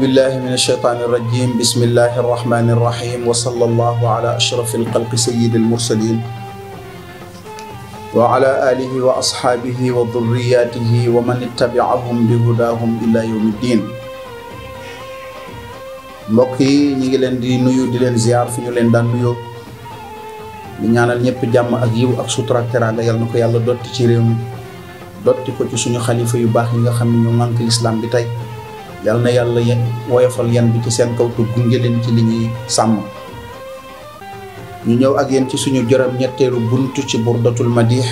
بالله من الشيطان الرجيم بسم الله الرحمن الرحيم وصلى الله على أشرف الخلق سيد المرسلين وعلى آله وأصحابه وذرياته ومن اتبعهم بهداهم إلى يوم الدين mbokk yi ñi ngi leen di nuyu di leen ziar fi ñu leen daan nuyoo di ñaanal ñëpp jàmm ak yiw ak sutura ak teraanga yal na ko yàlla dotti ci réew mi dotti ko ci suñu xalifa yu baax yi nga xam ne ñoo ŋànk lislaam bi tey yal na yàlla woyofal yan bi ci seen kaw te gunge leen ci li ñuy sàmm ñu ñëw ak yéen ci suñu juróom ñetteelu buntu ci burdatul madih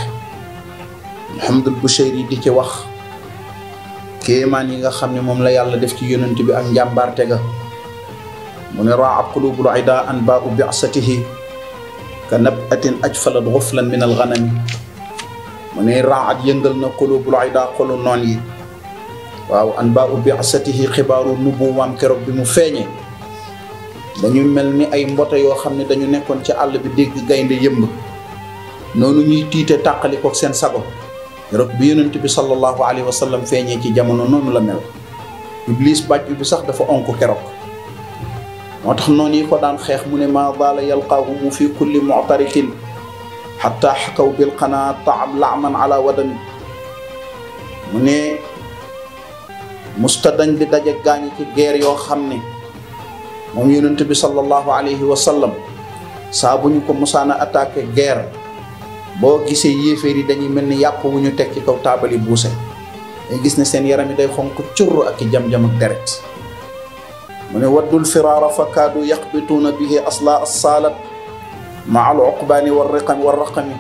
Muhammadul Buseyri di ci wax kéemaan yi nga xam ne moom la yàlla def ci yonent bi ak njàmbarte ga mu ne raa ab kulubul ida an ba u bi'satihi ka nab atin aj falat xuflan min al ganami mu ne raa at yëngal na kulubul ida xolu noon yi waaw an ba ubbi asatihi xibaaru nubuwaam keroog bi mu feeñee dañu mel ni ay mbote yoo xam ne dañu nekkoon ci àll bi dégg gaynde yëmb noonu ñuy tiite tàqalikook seen sago keroog bi yonent bi sallallahu alayhi wa sallam feeñee ci jamono noonu la mel iblis bàjj bi sax dafa onk keroog moo tax noonu yi ko daan xeex mu ne maa daala yalqaahumu fi kulli muctariqin xataa xakaw bil qanaa taam laaman ala wadami mu ne musta dañ di daje gaañu ci guerre yoo xam ne moom yonent bi sallallahu alayhi wa sallam bu ñu ko musaana attaqué guerre boo gisee yéeféer yi dañuy mel ni yàpp wu ñu teg ci kaw taabali buuse day gis ne seen yaram yi day xonk curru ak i jam-jam ak deret mu ne waddul firaara fa kaadu yaqbituuna bihi asla assaalat maa al oqbaani wa riqami raqami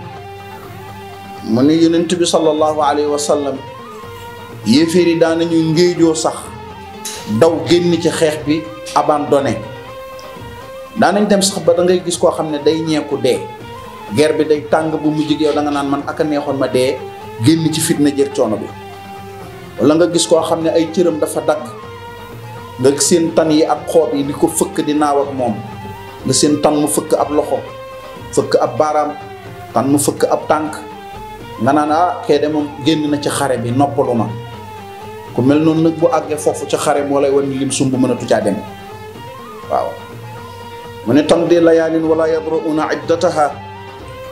mu ne yonent bi sallallahu alayhi wa yéeféer yi daanañu ngéejoo sax daw génn ci xeex bi abandonné daanañ dem sax ba da gis koo xam ne day ñeeku dee guerre bi day tàng bu mujj yow da nga naan man ak a neexoon ma dee génn ci fitna jër coono bi wala nga gis koo xam ne ay cëram dafa dakk nga seen tan yi ab xoob yi di ko fëkk di naaw moom nga seen tan mu fëkk ab loxo fëkk ab baaraam tan mu fëkk ab tànk nga naan ah kee de génn na ci xare bi noppalu ma ku mel noonu nag bu àggee foofu ca xare moo lay wan lim sumb mënatu caa dem waaw mu ne tamdi layaalin wala yadra'una iddataha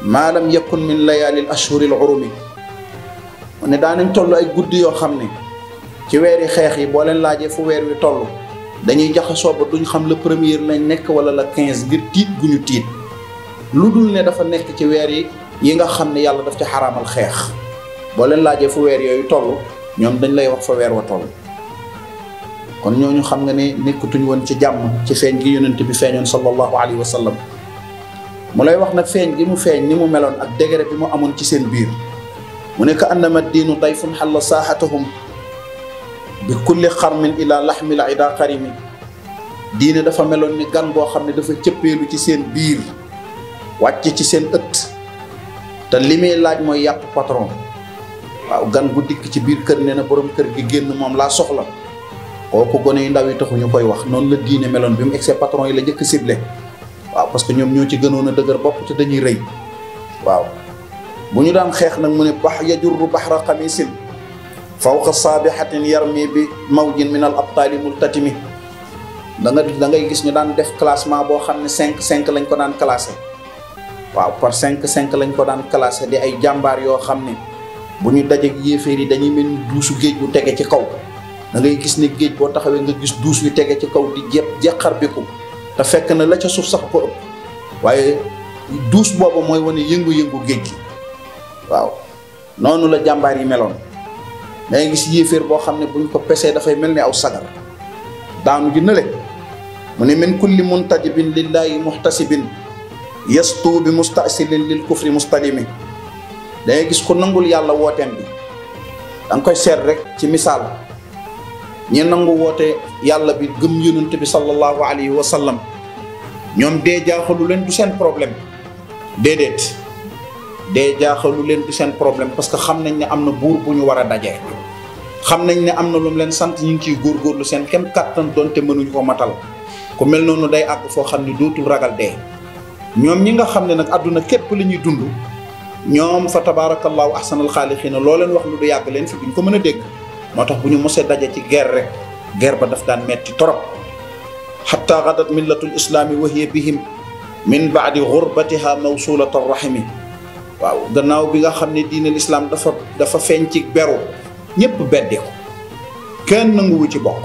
maa lam yakun min layaali l ashhuri l urumi mu ne daanañ toll ay guddi yoo xam ne ci weeri xeex yi boo leen laajee fu weer wi toll dañuy jaxasoo ba duñ xam le premier lañ nekk wala la quinze ngir tiit gu ñu tiit lu dul ne dafa nekk ci weer yi yi nga xam ne yàlla daf ci xaraamal xeex boo leen laajee fu weer yooyu toll ñoom dañ lay wax fa weer wa toll kon ñooñu xam nga ni nekkatuñ woon ci jàmm ci feeñ gi yonent bi feeñoon sallallahu alayhi wa sallam mu lay wax nag feeñ gi mu feeñ ni mu meloon ak degré bi mu amoon ci seen biir mu ne ka annama diinu dayfun xalla saaxatahum bi kulli xarmin ila laxmil ida karimi diine dafa meloon ni gan boo xam ne dafa cëppeelu ci seen biir wàcc ci seen ëtt te li muy laaj mooy yàpp patron waaw gan bu dikk ci biir kër ne na borom kër gi génn moom laa soxla kooku gone yu ndaw yi taxu ñu koy wax noonu la diine meloon bi mu egsee patron yi la njëkk ciblé waaw parce que ñoom ñoo ci gënoon a dëgër bopp te dañuy rëy waaw bu ñu daan xeex nag mu ne bax yajurru baxra xamisin fawqa saabihatin yarmi bi mawjin min al abtaali multatimi da nga da ngay gis ñu daan def classement boo xam ne cinq cinq lañ ko daan classé waaw par cinq cinq lañ ko daan classé di ay jàmbaar yoo xam ne bu ñu dajeeg yéeféer yi dañuy mel ni duusu géej bu tege ci kaw da ngay gis ni géej boo taxawee nga gis duus yu tege ci kaw di jepp jeqar bi ko te fekk na la ca suuf sax ko ëpp waaye duus booba mooy wane yëngu-yëngu géej gi waaw noonu la jàmbaar yi meloon da ngay gis yéeféer boo xam ne buñ ko pesee dafay mel ni aw sagar daanu ji nële mu ne min kulli muntajibin lillahi muhtasibin yastu bi mustasilin lil kufri mustalimi dangay gis ku nangul yàlla wooteem bi danga koy seet rek ci misaal ñi nangu woote yàlla bi gëm yonent bi sallallahu alayhi wa sallam ñoom dee jaaxalu leen du seen problème déedéet dee jaaxalu leen du seen problème parce que xam nañ ne am na buur bu ñu war a dajee xam nañ ni am na lu mu leen sant ñu ngi góor góorgóorlu seen kem kàttan donte mënuñu ko matal ku mel noonu day àgg foo xam ne dootul ragal dee ñoom ñi nga xam ne nag àdduna képp li ñuy dund ñoom fa tabaarakallaahu ahsanal xaalixiina loo leen wax lu du yàgg leen fi duñ ko mën a dégg moo tax bu ñu mosee daje ci guerre rek guerre ba daf daan metti torop xatta gadat millatul islaami wa hiya bihim min baadi gurbatiha mawsulata rahimi waaw gannaaw bi nga xam ne diinal islaam dafa dafa feeñ ci beru ñépp beddi kenn nanguwu ci bokk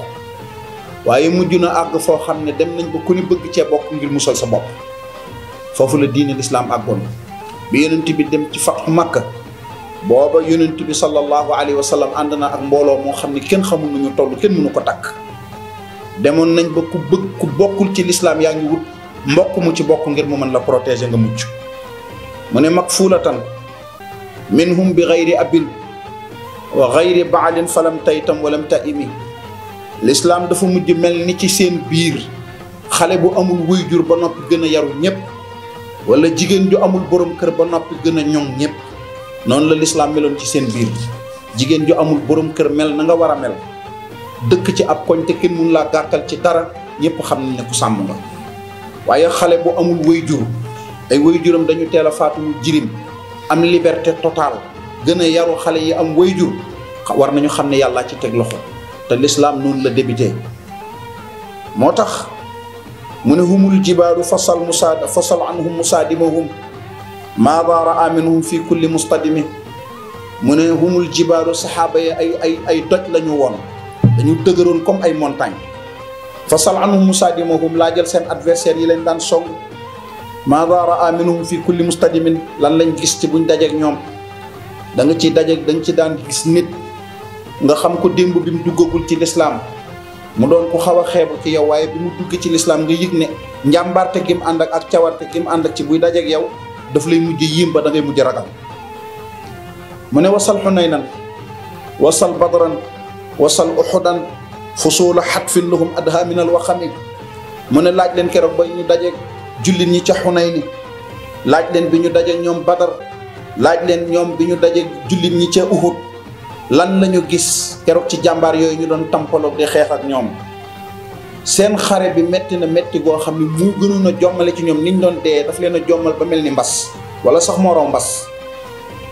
waaye mujj na àgg foo xam ne dem nañ ba ku ni bëgg cee bokk ngir musal sa bopp foofu la diinal islaam àggoon bi yonent bi dem ci fatxu Makka booba yonent bi sallallahu alayhi wa sallam ànd na ak mbooloo moo xam ne kenn xamul nu ñu toll kenn mënu ko takk demoon nañ ba ku bëgg ku bokkul ci lislaam yaa ngi wut mbokk mu ci bokk ngir mu mën la protéger nga mucc mu ne mag fuulatan minhum bi gayri abil wa gayri baalin falam taytam walam taimi lislaam dafa mujj mel ni ci seen biir xale bu amul wuyjur ba noppi gën a yaru ñépp wala jigéen ju amul borom kër ba noppi gën a ñoŋ ñëpp noonu la lislaam meloon ci seen biir jigéen ju amul borom kër mel na nga war a mel dëkk ci ab koñ te kenn mun laa gàkkal ci dara ñëpp xam nañ ne ku sàmm nga waaye xale bu amul wayjur ay wayjuram dañu teel a faatu jirim am liberté totale gën a yaru xale yi am wayjur war nañu xam ne yàllaa ci teg loxo te lislaam noonu la débuté moo tax mu ne humul jibaaru fasal musaad fasal anhum musaadimahum maa daara aminhum fi kulli mustadimi mu ne humul jibaalu saxaaba yi ay ay ay doj la ñu woon dañu dëgëroon comme ay montagne fasal anhum musaadimahum laa laajal seen adversaire yi lañ daan soog maa daara aminhum fi kulli mustadimin lan lañ gis ci buñ dajeek ñoom da nga ciy dajeek dañ ci daan gis nit nga xam ko démb bi mu duggagul ci lislaam mu doon ku xaw a xeebu ci yow waaye bi mu dugg ci lislaam nga yëg ne njàmbarte gi mu ànd ak ak cawarte gi mu ànd ak ci buy dajeeg yow dafa lay mujj yiim ba da ngay mujj ragal mu ne wasal xunaynan wasal badran wasal uxudan fusuula xatfin lahum adha min alwaxami mu ne laaj leen keroog ba ñu dajeeg jullit ñi ca xunayni laaj leen bi ñu dajeeg ñoom badar laaj leen ñoom bi ñu dajeeg jullit ñi ca uhud lan lañu gis keroog ci jàmbaar yooyu ñu doon tampaloog di xeex ak ñoom seen xare bi metti na métti goo xam ne mu gënoon a jommale ci ñoom niñ doon dee daf leen a jommal ba mel ni mbas wala sax moroom mbas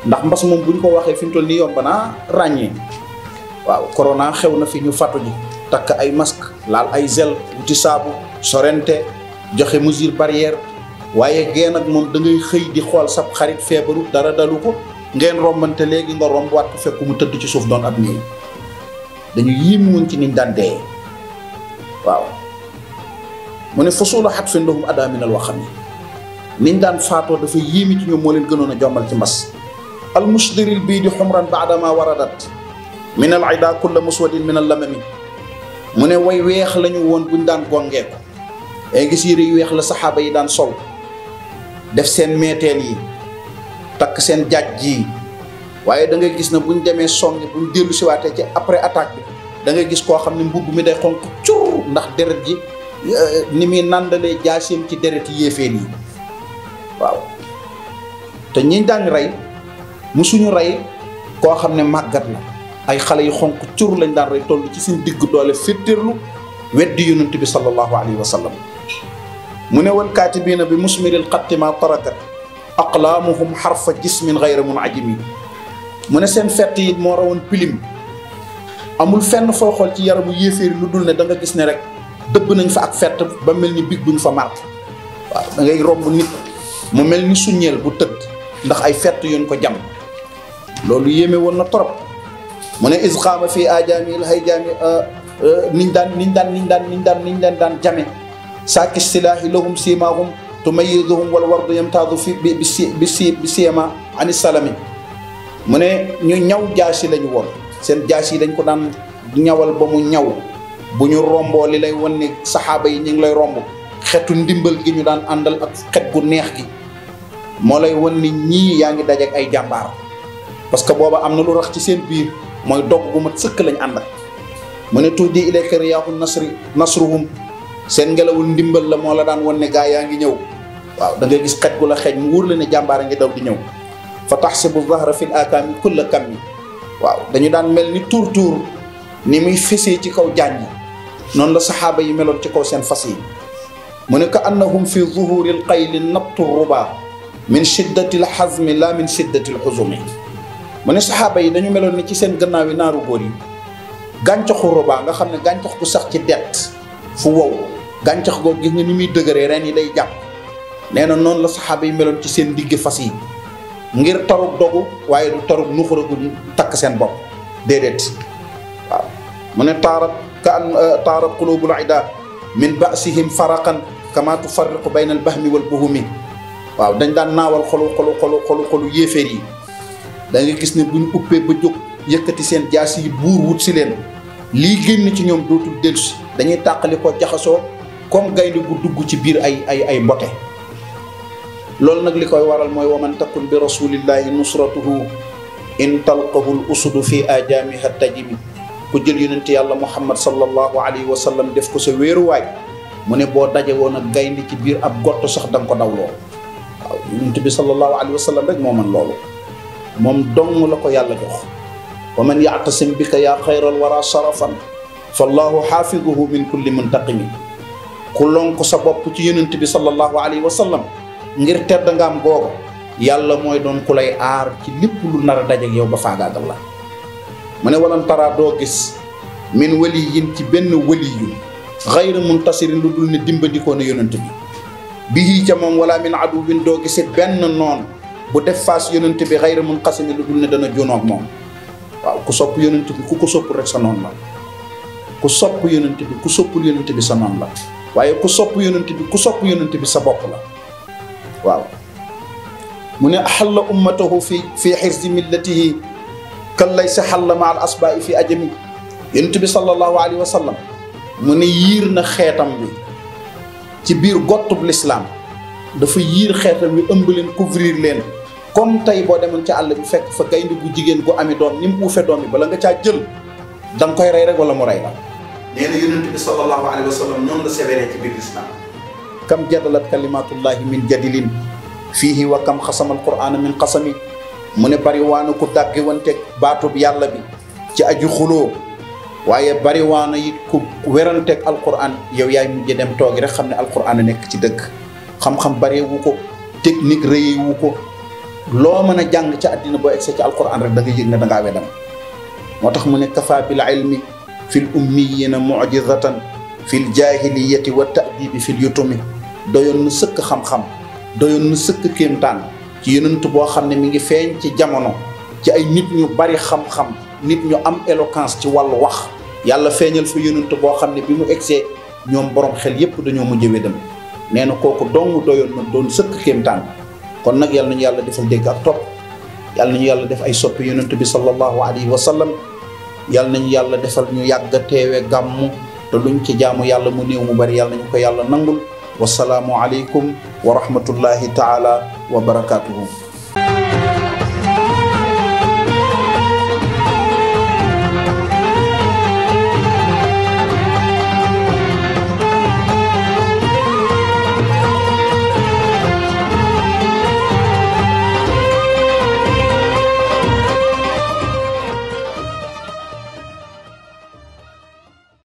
ndax mbas moom bu ñu ko waxee fi mu toll nii yomb naa ràññee waaw corona xew na fi ñu fàttu ji takk ay masque laal ay gel wuti saabu sorente joxe mesure barrière waaye geen ak moom da xëy di xool sab xarit feebaru dara dalu ko ngeen rombante léegi nga rombaat ko fekk mu tëdd ci suuf doon ab nii dañu yéemu woon ci niñ daan dee waaw mu ne fasula xat fi ndoxum adaaminal waxam yi niñ daan faatoo dafa yéemi ci ñoom moo leen gënoon a jombal ci mbas al musdiril bii di xumran baadama waradat min al ida kulla muswadin min al lamami mu ne woy weex lañu woon buñ daan gongeeku ay gis yére yu weex la saxaaba yi daan sol def seen meeteel yi takk seen jaaj ji waaye dangay gis na buñ demee songi buñ dellu siwaatee ci après attaque bi da ngay gis koo xam ne mbubb mi day xonq cur ndax deret ji euh, ni muy nandalee jaaseem ci deret yéefeen yi waaw te ñi daan rey suñu rey koo xam ne màggat la ay xale yu xonq cur lañ daan rey toll ci seen digg doole féttéerlu weddi yonent bi sallallahu alayhi wa sallam mu ne bii na bi musmiril xatti ma tarakat aqlaamuhum xarfa jismin xayra mun ajimi mu ne seen fett yi moo rawoon pilim amul fenn foo xool ci yaramu yéeféer lu dul ne da nga gis ne rek dëbb nañ fa ak fett ba mel ni big buñ fa marqué waaw da ngay romb nit mu mel ni suñeel bu tëdd ndax ay fett yuñ ko jam loolu yéeme woon na trop mu ne isqaama fii ajaamil hayjaami euh, euh, niñ daan niñ daan niñ daan niñ daan niñ leen daan jame saaki may tumayyizuhum wal wardu yamtaadu fi bi bi si bi si bi siyama ani salami mu ne ñu ñaw jaasi lañu woon seen jaas yi dañ ko daan ñawal ba mu ñaw bu ñu romboo li lay wan ni saxaaba yi ñu ngi lay romb xetu ndimbal gi ñu daan àndal ak xet gu neex gi moo lay wan ni ñii yaa ngi dajeek ay jàmbaar parce que booba am na lu rax ci seen biir mooy dogg bu mat sëkk lañ ànd mu ne tuuti ilayka riyaahu nasri nasruhum seen ngelawul ndimbal la moo la daan won ne gaa yaa ngi ñëw waaw da nga gis xet gu la xeeñ mu wóor la ne jàmbaar a ngi daw di ñëw fa taxsibu zahra fil akaami kulla kammi waaw dañu daan mel ni tuur tuur ni muy fesee ci kaw jànj noonu la saxaaba yi meloon ci kaw seen fas yi mu ne ka annahum fi zuhuri l qayli nabtu ruba min shiddati l xazmi la min shiddati l xuzumi mu ne saxaaba yi dañu meloon ni ci seen gannaaw yi naaru góor yi gàncaxu ruba nga xam ne gàncax gu sax ci det fu wow gàncax googu gis nga ni muy dëgëree reen yi day jàpp nee na noonu la saxaaba yi meloon ci seen digg fas yi ngir torug dogu waaye du torug nuxuragu takk seen bopp déedéet waaw mu ne taarab ka an euh, taarab qulubul ida min basihim faraqan kama tufarriqu bayna al bahmi wal buhumi waaw dañ daan naawal xolu xolu xolu xolu xolu yéeféer yi da gis ne buñ uppee ba jóg yëkkati seen jaas yi buur wut si leen lii génn ci ñoom dootul dellusi dañuy tàqali ko jaxasoo comme gaynde gu dugg ci biir ay ay ay mbote loolu nag li koy waral mooy waman takun bi rasulillahi nusratuhu in talqahu l usudu fi ajaamiha tajimi ku jël yonent yàlla muhammad sallallahu alayhi wa sallam def ko sa wéeruwaay mu ne boo daje woon ak gaynde ci biir ab gott sax da nga ko dawloo waaw yonent bi sallallahu alayhi wa sallam rek moo man loolu moom dong la ko yàlla jox wa man yactasim bika yaa xayral wara sarafan fa allahu xaafiduhu min ku lonk sa bopp ci yonent bi sallallahu alayhi wa sallam ngir tedd nga am yàlla mooy doon ku lay aar ci lépp lu nar a dajeeg yow ba faagaagal la mu ne walan tara doo gis min waliyin ci benn waliyun xayra muntasirin lu dul ne dimbandikoo na yonent bi bii ca moom wala min aduwin doo gise benn noonu bu def faas yonent bi xayra munqasimi lu dul ne dana junoog moom waaw ku sopp yonent bi ku ko sopp rek sa noonu la ku sopp yonent bi ku soppul yonent bi sa waaye ku sopp yonent bi ku sopp yonent bi sa bopp la waaw mu ne axalla ummatahu fi fi xirsi millatihi kan lay sa xalla ma al asbaa'i fi ajami yonent bi sallallahu alayhi wa sallam mu ne yiir na xeetam bi ci biir gottub lislaam dafa yiir xeetam bi ëmb leen couvrir leen kon tey boo demoon ci àll bi fekk fa gaynde gu jigéen gu ami doom ni mu uufe doom yi bala nga caa jël danga koy rey rek wala mu rey la nee na yonent bi sallallahu alayhi wa sallam noonu la sévéré ci biir islam kam jadalat kalimatullahi min jadilin fiihi wa kam xasama alqur'ana min xasami mu ne bari waana ku dàggi wante baatub yàlla bi ci aju xuloo waaye bari waana it ku weranteeg alqur'an yow yaay mujj dem toogi rek xam ne alqur'an a nekk ci dëgg xam-xam bareewu ko technique rëyewu ko loo mën a jàng ci addina boo egsee ci alqur'an rek da nga yëg ne da ngaa moo tax mu ne kafa fil ummiyina mujizatan fil jaahiliyati wa ta'dibi fil yutumi doyoon na sëkk xam-xam doyoon na sëkk kéemtaan ci yonent boo xam ne mi ngi feeñ ci jamono ci ay nit ñu bari xam nit ñu am éloquence ci wàllu wax yàlla feeñal fa yonent boo xam ne bi mu egsee ñoom borom xel yépp dañoo mujj wédam nee na kooku dong doyoon na doon sëkk kéemtaan kon nag yàlla nañu yàlla defal dégg ak topp yàlla nañu yàlla def ay soppi yonent bi sallallahu alayhi wa yàlla nañu yàlla defal ñu yàgg a teewe gàmm te luñ ci jaamu yàlla mu néew mu bari yàlla nañu ko yàlla nangul wasalaamu aleykum wa rahmatullahi taala wa barakaatuhu